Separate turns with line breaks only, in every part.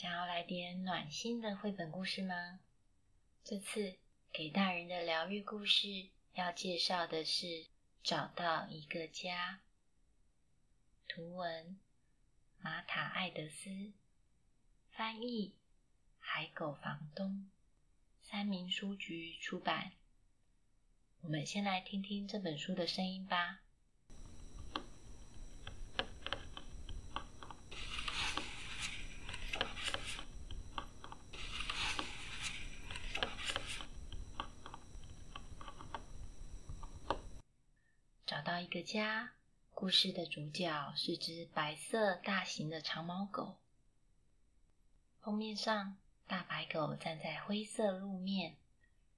想要來點暖心的繪本故事嗎？這次給大人的療癒故事要介紹的是《找到一個家》，圖文瑪塔·艾德絲，翻譯海狗房東，三民書局出版。我們先來聽聽這本書的聲音吧。一個家，故事的主角是隻白色大型的長毛狗。封面上，大白狗站在灰色路面，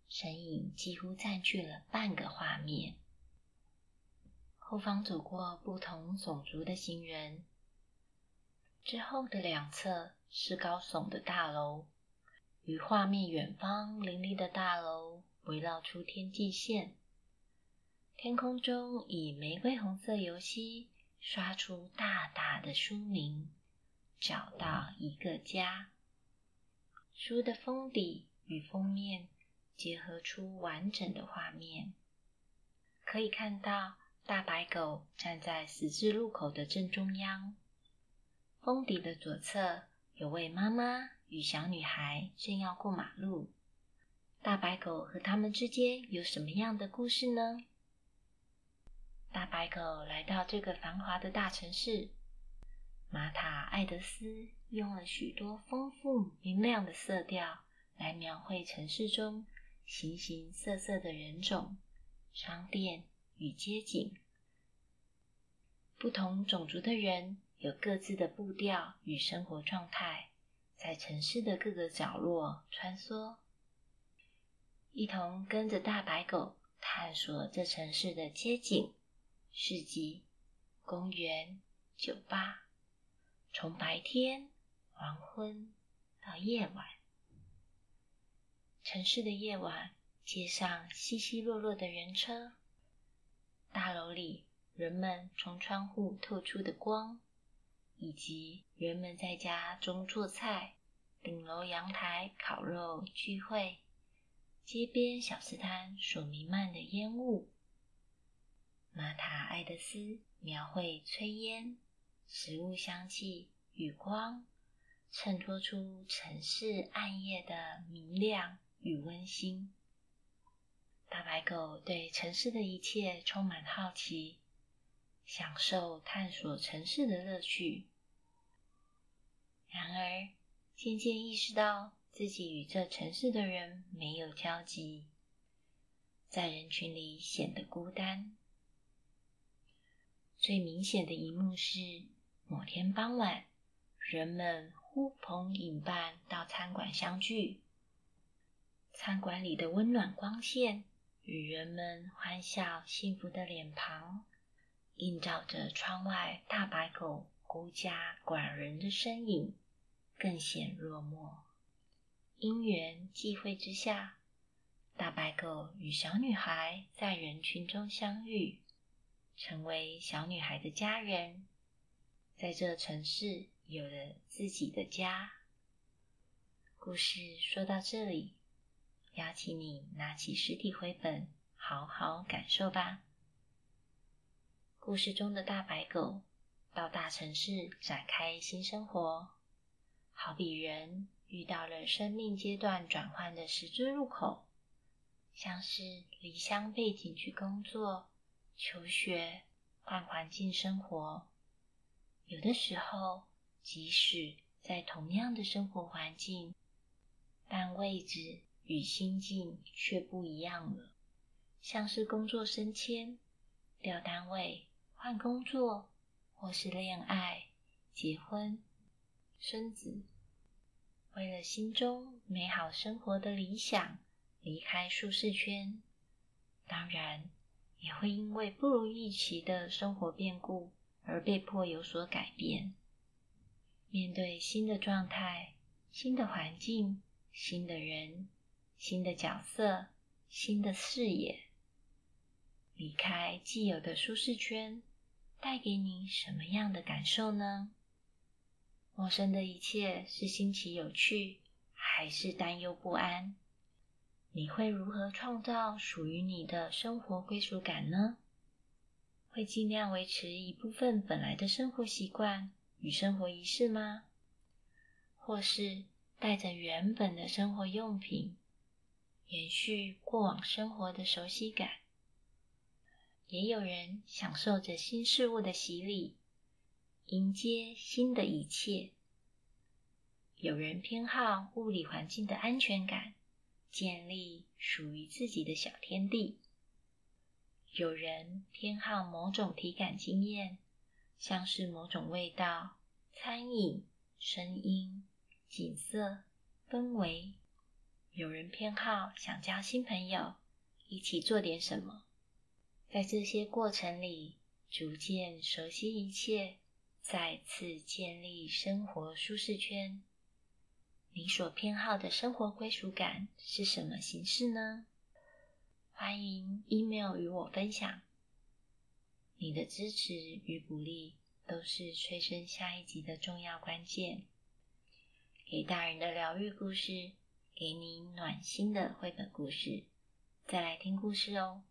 身影幾乎佔據了半個畫面。後方走過不同種族的行人，之後的兩側是高聳的大樓，與畫面遠方林立的大樓圍繞出天際線。天空中以玫瑰紅色油漆刷出大大的書名“找到一個家”。書的封底與封面結合出完整的畫面，可以看到大白狗站在十字路口的正中央。封底的左側有位媽媽與小女孩正要過馬路。大白狗和他們之間有什麼樣的故事呢？白狗來到這個繁華的大城市，瑪塔‧艾德絲用了許多豐富明亮的色調來描繪城市中形形色色的人種、商店與街景。不同種族的人有各自的步調與生活狀態，在城市的各個角落穿梭，一同跟着大白狗探索這城市的街景。市集、公園、酒吧，從白天、黃昏到夜晚，城市的夜晚，街上稀稀落落的人車，大樓裡人們從窗戶透出的光，以及人們在家中做菜、頂樓陽台烤肉聚會、街邊小吃攤所瀰漫的煙霧。瑪塔艾德絲描繪炊煙、食物香氣與光，襯托出城市暗夜的明亮與溫馨。大白狗對城市的一切充滿好奇，享受探索城市的樂趣。然而，漸漸意識到自己與這城市的人沒有交集，在人群裡顯得孤單。最明顯的一幕是，某天傍晚，人們呼朋引伴到餐館相聚。餐館裡的溫暖光線與人們歡笑幸福的臉龐，映照着窗外大白狗孤家寡人的身影，更顯落寞。因緣際會之下，大白狗與小女孩在人群中相遇。成為小女孩的家人，在這城市有了自己的家。故事說到這裡，邀請你拿起實體繪本，好好感受吧。故事中的大白狗到大城市展開新生活，好比人遇到了生命階段轉換的十字路口，像是離鄉背井去工作。求學、換環境、生活，有的時候，即使在同樣的生活環境，但位置與心境卻不一樣了。像是工作升遷、調單位、換工作，或是戀愛、結婚、生子，為了心中美好生活的理想，離開舒適圈。當然。也會因為不如預期的生活變故而被迫有所改變。面對新的狀態、新的環境、新的人、新的角色、新的視野，離開既有的舒適圈，帶給你什麼樣的感受呢？陌生的一切是新奇有趣，還是擔憂不安？你會如何創造屬於你的生活歸屬感呢？會盡量維持一部分本來的生活習慣與生活儀式嗎？或是帶着原本的生活用品，延續過往生活的熟悉感？也有人享受着新事物的洗禮，迎接新的一切。有人偏好物理環境的安全感。建立屬於自己的小天地。有人偏好某種體感經驗，像是某種味道、餐飲、聲音、景色、氛圍。有人偏好想交新朋友，一起做點什麼。在這些過程裡，逐漸熟悉一切，再次建立生活舒適圈。你所偏好的生活歸屬感是什麼形式呢？歡迎 email 與我分享。你的支持與鼓勵，都是催生下一集的重要關鍵。給大人的療癒故事，給你暖心的繪本故事，再來聽故事哦。